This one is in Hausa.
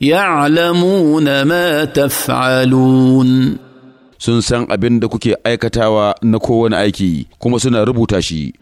يعلمون ما تفعلون sun san abin da kuke aikatawa na kowane aiki kuma suna rubuta shi